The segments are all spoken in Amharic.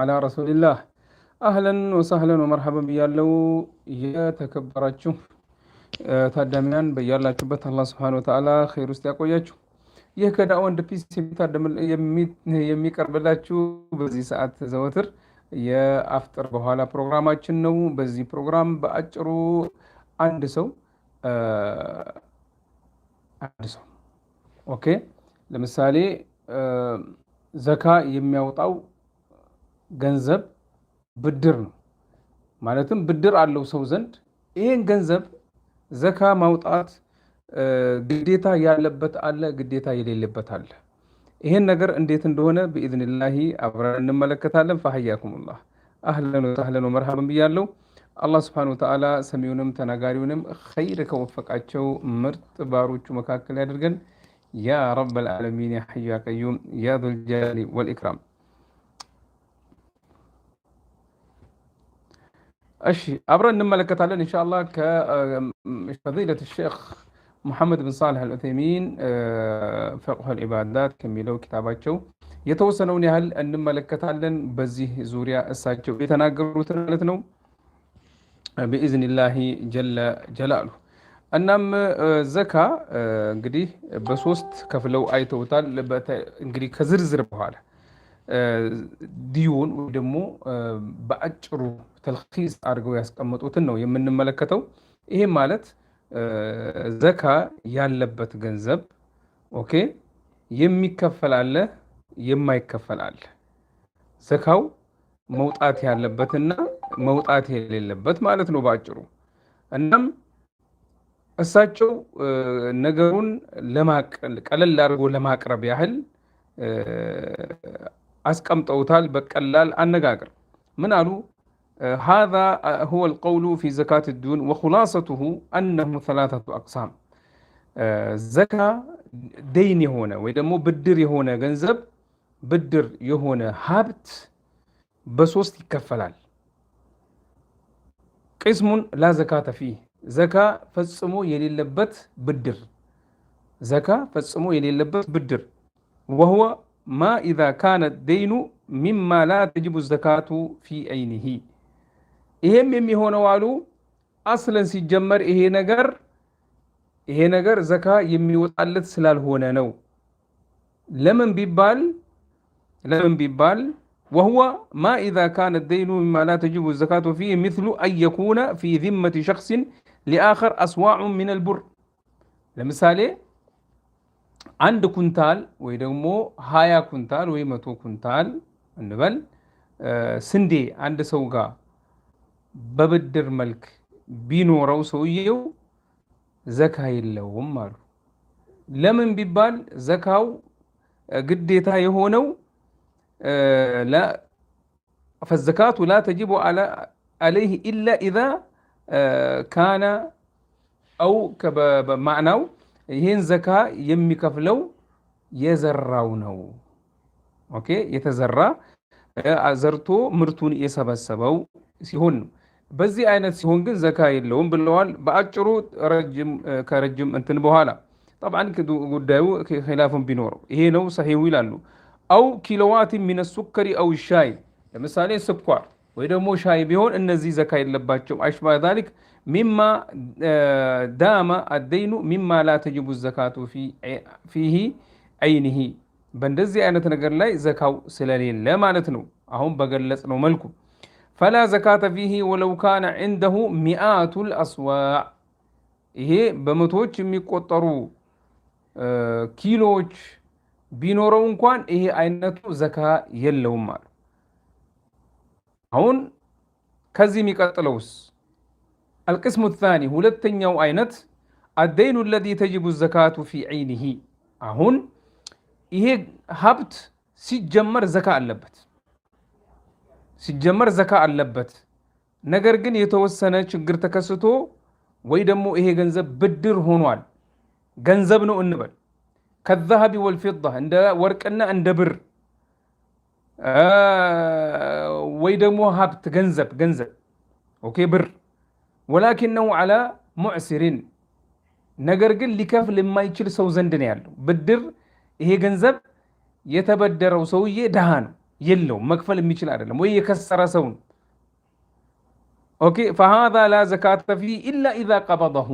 አላ ረሱልላህ አህለን ወሳህለን ወመርሐበን ብያለው። የተከበራችሁ ታዳሚያን በያላችሁበት አላህ ስብሐነ ወተዓላ ኸይር ውስጥ ያቆያችሁ። ይህ ከዳዋ ኤንድ ፒስ የሚቀርብላችሁ በዚህ ሰዓት ዘወትር የአፍጥር በኋላ ፕሮግራማችን ነው። በዚህ ፕሮግራም በአጭሩ አንድ ሰው አንድ ሰው ኦኬ፣ ለምሳሌ ዘካ የሚያወጣው ገንዘብ ብድር ነው። ማለትም ብድር አለው ሰው ዘንድ ይህን ገንዘብ ዘካ ማውጣት ግዴታ ያለበት አለ፣ ግዴታ የሌለበት አለ። ይሄን ነገር እንዴት እንደሆነ ብኢዝንላሂ አብረን እንመለከታለን። ፈሀያኩሙላህ አህለን ወሰህለን ወመርሃብን ብያለው። አላህ ስብሐነሁ ወተዓላ ሰሚውንም ተናጋሪውንም ኸይር ከወፈቃቸው ምርጥ ባሮቹ መካከል ያደርገን። ያ ረብ ልዓለሚን ያ ሐዩ ያ ቀዩም ያ ዙልጀላሊ ወልኢክራም እሺ አብረን እንመለከታለን እንሻላ ከፈዲለት ሼክ ሙሐመድ ብን ሳልሕ አልዑተይሚን ፈቅሁል ዒባዳት ከሚለው ኪታባቸው የተወሰነውን ያህል እንመለከታለን። በዚህ ዙሪያ እሳቸው የተናገሩት ማለት ነው ብኢዝኒላሂ ጀላሉ። እናም ዘካ እንግዲህ በሶስት ከፍለው አይተውታል። እንግዲህ ከዝርዝር በኋላ ዲዩን ወይ ደግሞ በአጭሩ ተልኪስ አድርገው ያስቀመጡትን ነው የምንመለከተው። ይሄ ማለት ዘካ ያለበት ገንዘብ ኦኬ፣ የሚከፈል አለ፣ የማይከፈል አለ። ዘካው መውጣት ያለበትና መውጣት የሌለበት ማለት ነው በአጭሩ። እናም እሳቸው ነገሩን ቀለል አድርጎ ለማቅረብ ያህል አስቀምጠውታል። በቀላል አነጋገር ምን አሉ? ሃዛ ሁወ ልቀውሉ ፊ ዘካት ዱን ወኹላሰቱሁ አነሁ ሰላሰቱ አቅሳም ዘካ ደይን የሆነ ወይ ደግሞ ብድር የሆነ ገንዘብ ብድር የሆነ ሀብት በሶስት ይከፈላል። ቅስሙን ላ ዘካተ ፊህ ዘካ ፈጽሞ የሌለበት ብድር ዘካ ፈጽሞ የሌለበት ብድር ወሁወ ማ ኢዛ ካነ ደይኑ ሚማ ላ ተጅቡ ዘካቱ ፊ አይኒሂ። ይሄም የሚሆነው አሉ አስለን ሲጀመር ይሄ ነገር ይሄ ነገር ዘካ የሚወጣለት ስላልሆነ ነው። ለምን ቢባል ለምን ቢባል ወሁወ ማ ኢዛ ካነ ደይኑ ሚማ ላ ተጅቡ ዘካቱ ፊ ሚስሉ አን የኩነ ፊ ዚመቲ ሸክሲን ሊአኸር አስዋዑ ሚነል ቡር ለምሳሌ አንድ ኩንታል ወይ ደግሞ ሀያ ኩንታል ወይ መቶ ኩንታል እንበል ስንዴ አንድ ሰው ጋር በብድር መልክ ቢኖረው ሰውየው ዘካ የለውም አሉ። ለምን ቢባል ዘካው ግዴታ የሆነው ፈዘካቱ ላ ተጅቡ አለይህ ኢላ ኢዛ ካነ አው ማዕናው ይህን ዘካ የሚከፍለው የዘራው ነው። ኦኬ የተዘራ ዘርቶ ምርቱን የሰበሰበው ሲሆን ነው። በዚህ አይነት ሲሆን ግን ዘካ የለውም ብለዋል። በአጭሩ ከረጅም እንትን በኋላ ጠብዓን ጉዳዩ ኪላፍን ቢኖረው ይሄ ነው ሰሂው ይላሉ። አው ኪሎዋት ሚን ሱከሪ አው ሻይ፣ ለምሳሌ ስኳር ወይ ደግሞ ሻይ ቢሆን እነዚህ ዘካ የለባቸው አሽባ ዛሊክ ሚማ ዳማ አደይኑ ሚማ ላ ተጅቡ ዘካቱ ፊሂ አይኒሂ በእንደዚህ አይነት ነገር ላይ ዘካው ስለሌለ ማለት ነው። አሁን በገለጽ ነው መልኩ ፈላ ዘካተ ፊሂ ወለው ካነ ዒንደሁ ሚአቱል አስዋዕ ይሄ በመቶዎች የሚቆጠሩ ኪሎዎች ቢኖረው እንኳን ይሄ አይነቱ ዘካ የለውም አሉ። አሁን ከዚህ የሚቀጥለውስ አልቅስሙ ታኒ ሁለተኛው አይነት አደይኑ ለዚ ተጅቡ ዘካቱ ፊ ዒኒሂ። አሁን ይሄ ሀብት ሲጀመር ዘካ አለበት ሲጀመር ዘካ አለበት። ነገር ግን የተወሰነ ችግር ተከስቶ ወይ ደግሞ ይሄ ገንዘብ ብድር ሆኗል ገንዘብ ነው እንበል ከዛሀቢ ወልፊዳ እንደ ወርቅና እንደ ብር ወይ ደግሞ ሀብት ገንዘብ ገንዘብ ኦኬ ብር ወላኪነሁ ዓላ ሙዕሲሪን ነገር ግን ሊከፍል የማይችል ሰው ዘንድ ነው ያለው ብድር። ይሄ ገንዘብ የተበደረው ሰውዬ ድሃ ነው፣ የለውም መክፈል የሚችል አይደለም፣ ወይ የከሰረ ሰው ነው። ኦኬ ፈሃዛ ላ ዘካተ ፊ ኢላ ኢዛ ቀበضሁ።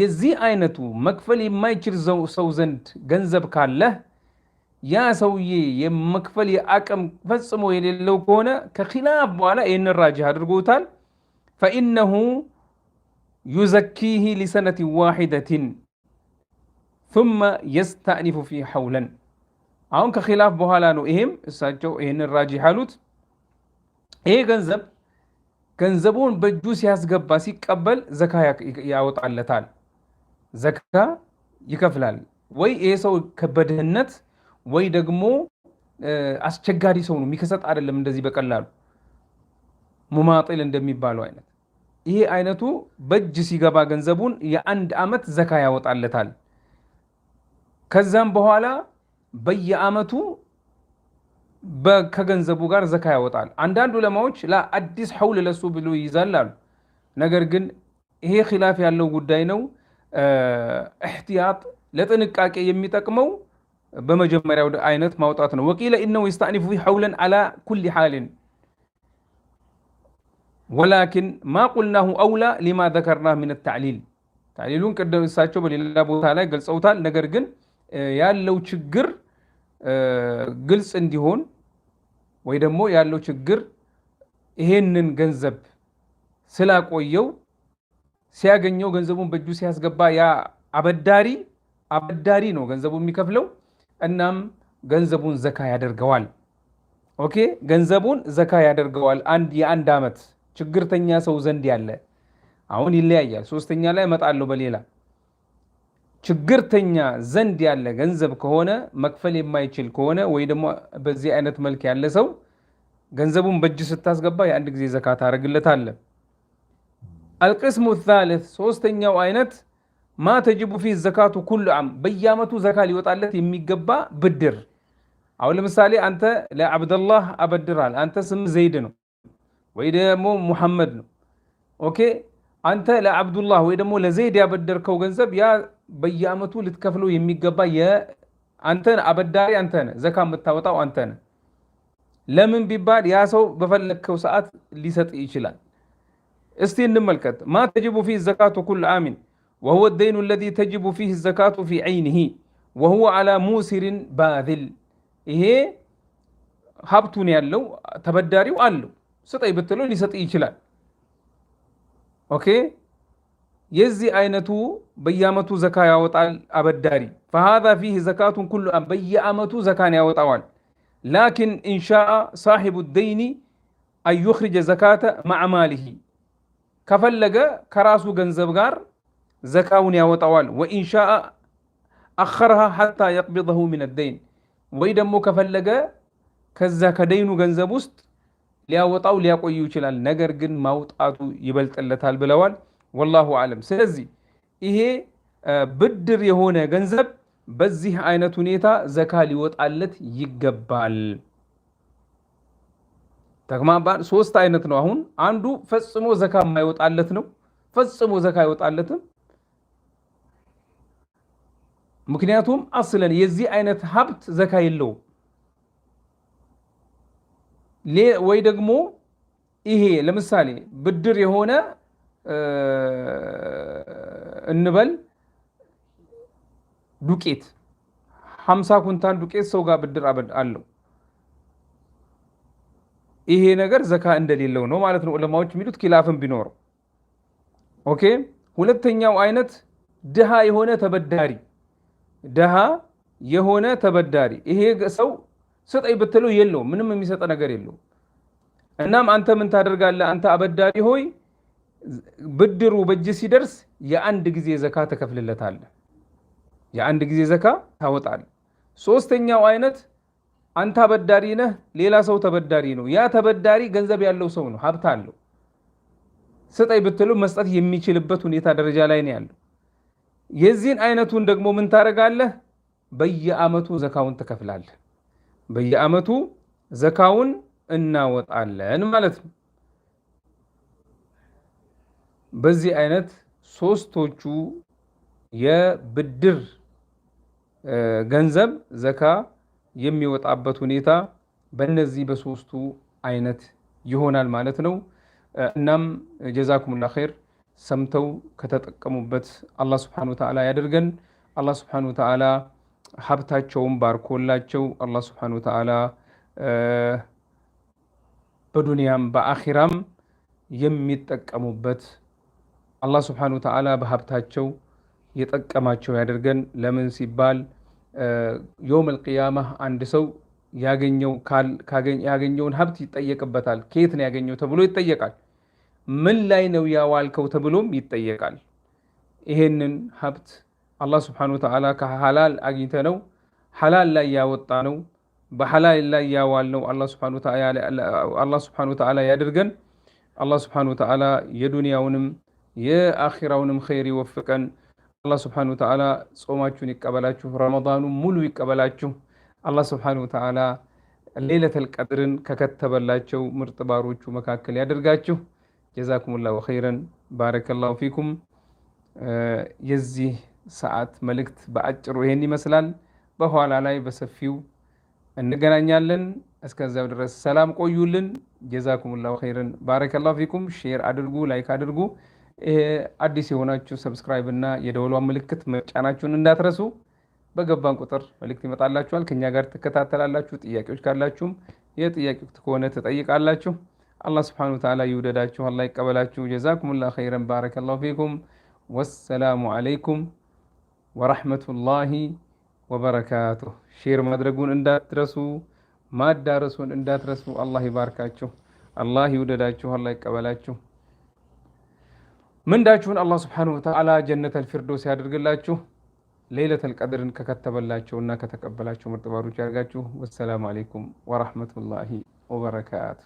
የዚህ አይነቱ መክፈል የማይችል ሰው ዘንድ ገንዘብ ካለህ ያ ሰውዬ የመክፈል የአቅም ፈጽሞ የሌለው ከሆነ ከኪላፍ በኋላ ይህንን ራጅህ አድርጎታል ፈኢነሁ ዩዘኪህ ሊሰነቲ ዋሂደቲን ሱመ የስተዕኒፉ ፊ ሐውለን። አሁን ከኪላፍ በኋላ ነው። ይሄም እሳቸው ይህንን ራጂህ አሉት። ይሄ ገንዘብ ገንዘቡን በእጁ ሲያስገባ ሲቀበል ዘካ ያወጣለታል፣ ዘካ ይከፍላል። ወይ ይሄ ሰው ከበድህነት ወይ ደግሞ አስቸጋሪ ሰው ነው፣ የሚከሰጥ አይደለም እንደዚህ በቀላሉ ሙማጢል እንደሚባለው አይነት ይሄ አይነቱ በእጅ ሲገባ ገንዘቡን የአንድ ዓመት ዘካ ያወጣለታል። ከዛም በኋላ በየዓመቱ ከገንዘቡ ጋር ዘካ ያወጣል። አንዳንድ ዑለማዎች አዲስ ሐውል ለሱ ብሎ ይይዛል አሉ። ነገር ግን ይሄ ኪላፍ ያለው ጉዳይ ነው። እሕትያጥ ለጥንቃቄ የሚጠቅመው በመጀመሪያው አይነት ማውጣት ነው። ወቂለ ኢነው የስተዕኒፉ ሐውለን አላ ኩሊ ሓልን ወላኪን ማ ቁልናሁ አውላ ሊማ ዘከርና ምን ታዕሊል ታዕሊሉን ቅድም እሳቸው በሌላ ቦታ ላይ ገልጸውታል። ነገር ግን ያለው ችግር ግልጽ እንዲሆን ወይ ደግሞ ያለው ችግር ይሄንን ገንዘብ ስላቆየው ሲያገኘው ገንዘቡን በእጁ ሲያስገባ ያ አበዳሪ አበዳሪ ነው ገንዘቡ የሚከፍለው። እናም ገንዘቡን ዘካ ያደርገዋል። ኦኬ ገንዘቡን ዘካ ያደርገዋል አንድ የአንድ ዓመት ችግርተኛ ሰው ዘንድ ያለ አሁን ይለያያል። ሶስተኛ ላይ እመጣለሁ። በሌላ ችግርተኛ ዘንድ ያለ ገንዘብ ከሆነ መክፈል የማይችል ከሆነ ወይ ደግሞ በዚህ አይነት መልክ ያለ ሰው ገንዘቡን በእጅ ስታስገባ የአንድ ጊዜ ዘካ ታደርግለታለ። አልቅስሙ ታልት ሶስተኛው አይነት ማ ተጅቡ ፊ ዘካቱ ኩሉ ዓም በየአመቱ ዘካ ሊወጣለት የሚገባ ብድር። አሁን ለምሳሌ አንተ ለአብደላህ አበድራል። አንተ ስም ዘይድ ነው ወይ ደግሞ ሙሐመድ ነው። ኦኬ አንተ ለአብዱላህ ወይ ደግሞ ለዘይድ ያበደርከው ገንዘብ ያ በየአመቱ ልትከፍለው የሚገባ አንተ አበዳሪ አንተ ነህ። ዘካ የምታወጣው አንተ ነህ። ለምን ቢባል ያ ሰው በፈለግከው ሰዓት ሊሰጥ ይችላል። እስቲ እንመልከት። ማ ተጅቡ ፊህ ዘካቱ ኩል አሚን ወሁወ ደይኑ አለዚ ተጅቡ ፊህ ዘካቱ ፊ ዐይኒሂ ወሁወ ዓላ ሙሲሪን ባዚል። ይሄ ሀብቱን ያለው ተበዳሪው አለው ስጠኝ ብትለው ሊሰጥ ይችላል። ኦኬ የዚህ አይነቱ በየአመቱ ዘካ ያወጣል አበዳሪ። ፈሃዛ ፊህ ዘካቱን ኩሉ በየአመቱ ዘካን ያወጣዋል። ላኪን ኢንሻአ ሳሒቡ ደይኒ አንዩኽርጀ ዘካተ ማዕማሊሂ ከፈለገ ከራሱ ገንዘብ ጋር ዘካውን ያወጣዋል። ወኢንሻአ አኸርሃ ሓታ የቅቢደሁ ሚን ደይን ወይ ደግሞ ከፈለገ ከዛ ከደይኑ ገንዘብ ውስጥ ሊያወጣው ሊያቆዩ ይችላል። ነገር ግን ማውጣቱ ይበልጥለታል ብለዋል። ወላሁ አለም። ስለዚህ ይሄ ብድር የሆነ ገንዘብ በዚህ አይነት ሁኔታ ዘካ ሊወጣለት ይገባል። ተግማባን። ሶስት አይነት ነው። አሁን አንዱ ፈጽሞ ዘካ የማይወጣለት ነው። ፈጽሞ ዘካ አይወጣለትም። ምክንያቱም አስለን የዚህ አይነት ሀብት ዘካ የለውም። ወይ ደግሞ ይሄ ለምሳሌ ብድር የሆነ እንበል ዱቄት ሀምሳ ኩንታን ዱቄት ሰው ጋር ብድር አለው። ይሄ ነገር ዘካ እንደሌለው ነው ማለት ነው ዑለማዎች የሚሉት ኪላፍን ቢኖረው። ኦኬ ሁለተኛው አይነት ድሃ የሆነ ተበዳሪ ድሃ የሆነ ተበዳሪ ይሄ ሰው ስጠኝ ብትለው የለውም፣ ምንም የሚሰጠ ነገር የለውም። እናም አንተ ምን ታደርጋለህ? አንተ አበዳሪ ሆይ ብድሩ በእጅ ሲደርስ የአንድ ጊዜ ዘካ ትከፍልለታለህ፣ የአንድ ጊዜ ዘካ ታወጣለህ። ሶስተኛው አይነት አንተ አበዳሪ ነህ፣ ሌላ ሰው ተበዳሪ ነው። ያ ተበዳሪ ገንዘብ ያለው ሰው ነው፣ ሀብት አለው። ስጠኝ ብትለው መስጠት የሚችልበት ሁኔታ ደረጃ ላይ ነው ያለው። የዚህን አይነቱን ደግሞ ምን ታደርጋለህ? በየአመቱ ዘካውን ትከፍላለህ። በየዓመቱ ዘካውን እናወጣለን ማለት ነው። በዚህ አይነት ሶስቶቹ የብድር ገንዘብ ዘካ የሚወጣበት ሁኔታ በእነዚህ በሶስቱ አይነት ይሆናል ማለት ነው። እናም ጀዛኩሙላ ኸይር ሰምተው ከተጠቀሙበት አላህ ስብሐነሁ ወተዓላ ያደርገን። አላህ ስብሐነሁ ወተዓላ ሀብታቸውን ባርኮላቸው አላህ ስብሐነሁ ወተዓላ በዱንያም በአኺራም የሚጠቀሙበት አላህ ስብሐነሁ ወተዓላ በሀብታቸው የጠቀማቸው ያደርገን። ለምን ሲባል የውም ቂያማ አንድ ሰው ያገኘውን ሀብት ይጠየቅበታል። ከየት ነው ያገኘው ተብሎ ይጠየቃል። ምን ላይ ነው ያዋልከው ተብሎም ይጠየቃል። ይሄንን ሀብት አላህ ስብሐነሁ ወተዓላ ከሐላል ነው። ሐላል ላይ ያወጣነው በሐላል ላይ ያዋልነው አላህ ስብሐነሁ ወተዓላ ያድርገን። አላህ ስብሐነሁ ወተዓላ የዱንያውንም የአኺራውንም ኸይር ይወፍቀን። አላህ ስብሐነሁ ወተዓላ ጾማችሁን ይቀበላችሁ፣ ረመዳኑን ሙሉ ይቀበላችሁ። አላህ ስብሐነሁ ወተዓላ ሌለተል ቀድርን ከከተበላቸው ምርጥ ባሮቹ መካከል ያደርጋችሁ። ጀዛኩሙላሁ ኸይረን ባረከላሁ ፊኩም የዚህ ሰዓት መልእክት በአጭሩ ይሄን ይመስላል። በኋላ ላይ በሰፊው እንገናኛለን። እስከዚያው ድረስ ሰላም ቆዩልን። ጀዛኩሙላሁ ኸይርን። ባረከላሁ ፊኩም። ሼር አድርጉ፣ ላይክ አድርጉ። አዲስ የሆናችሁ ሰብስክራይብ እና የደወሏ ምልክት መጫናችሁን እንዳትረሱ። በገባን ቁጥር መልእክት ይመጣላችኋል። ከኛ ጋር ትከታተላላችሁ። ጥያቄዎች ካላችሁም የጥያቄ ከሆነ ትጠይቃላችሁ። አላህ ስብሐነሁ ወተዓላ ይውደዳችሁ፣ አላህ ይቀበላችሁ። ጀዛኩሙላሁ ኸይረን ባረከላሁ ፊኩም። ወሰላሙ አለይኩም ወራህመቱላሂ ወበረካቱ። ሼር ማድረጉን እንዳትረሱ፣ ማዳረሱን እንዳትረሱ። አላህ ይባርካችሁ፣ አላህ ይውደዳችሁ፣ አላህ ይቀበላችሁ። ምንዳችሁን አላህ ስብሓነሁ ወተዓላ ጀነተል ፊርዶስ ያደርግላችሁ። ሌይለተል ቀድርን ከከተበላችሁና ከተቀበላችሁ ምርጥ ባሮች ያደርጋችሁ። ወሰላሙ አሌይኩም ወራህመቱላሂ ወበረካቱ።